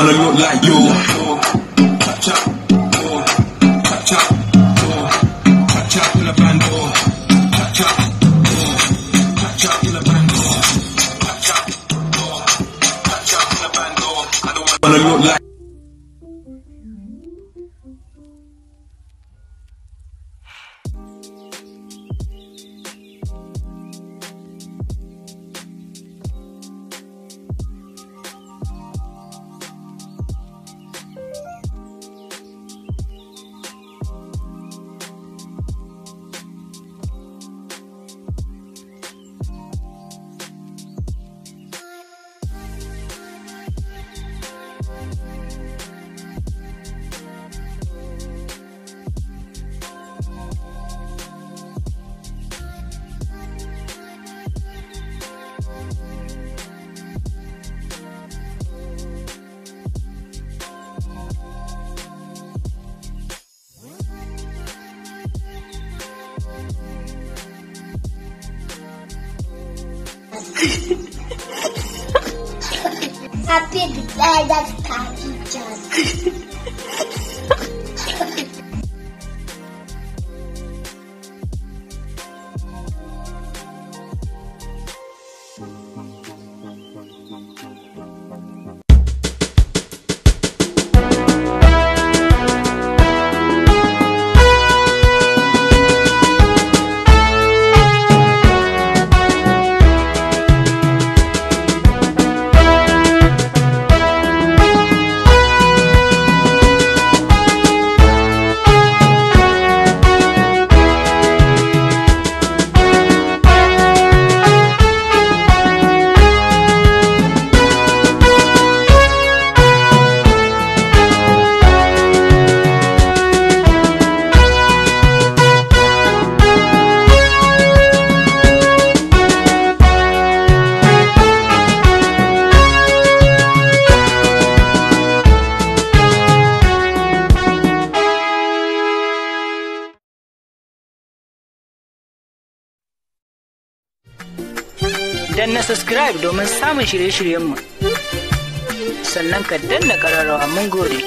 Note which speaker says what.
Speaker 1: going to look like you. Chop, chop. Happy birthday, Daddy John.
Speaker 2: na subscribe domin samun shirye-shiryenmu sannan ka danna ƙararrawa mun gode.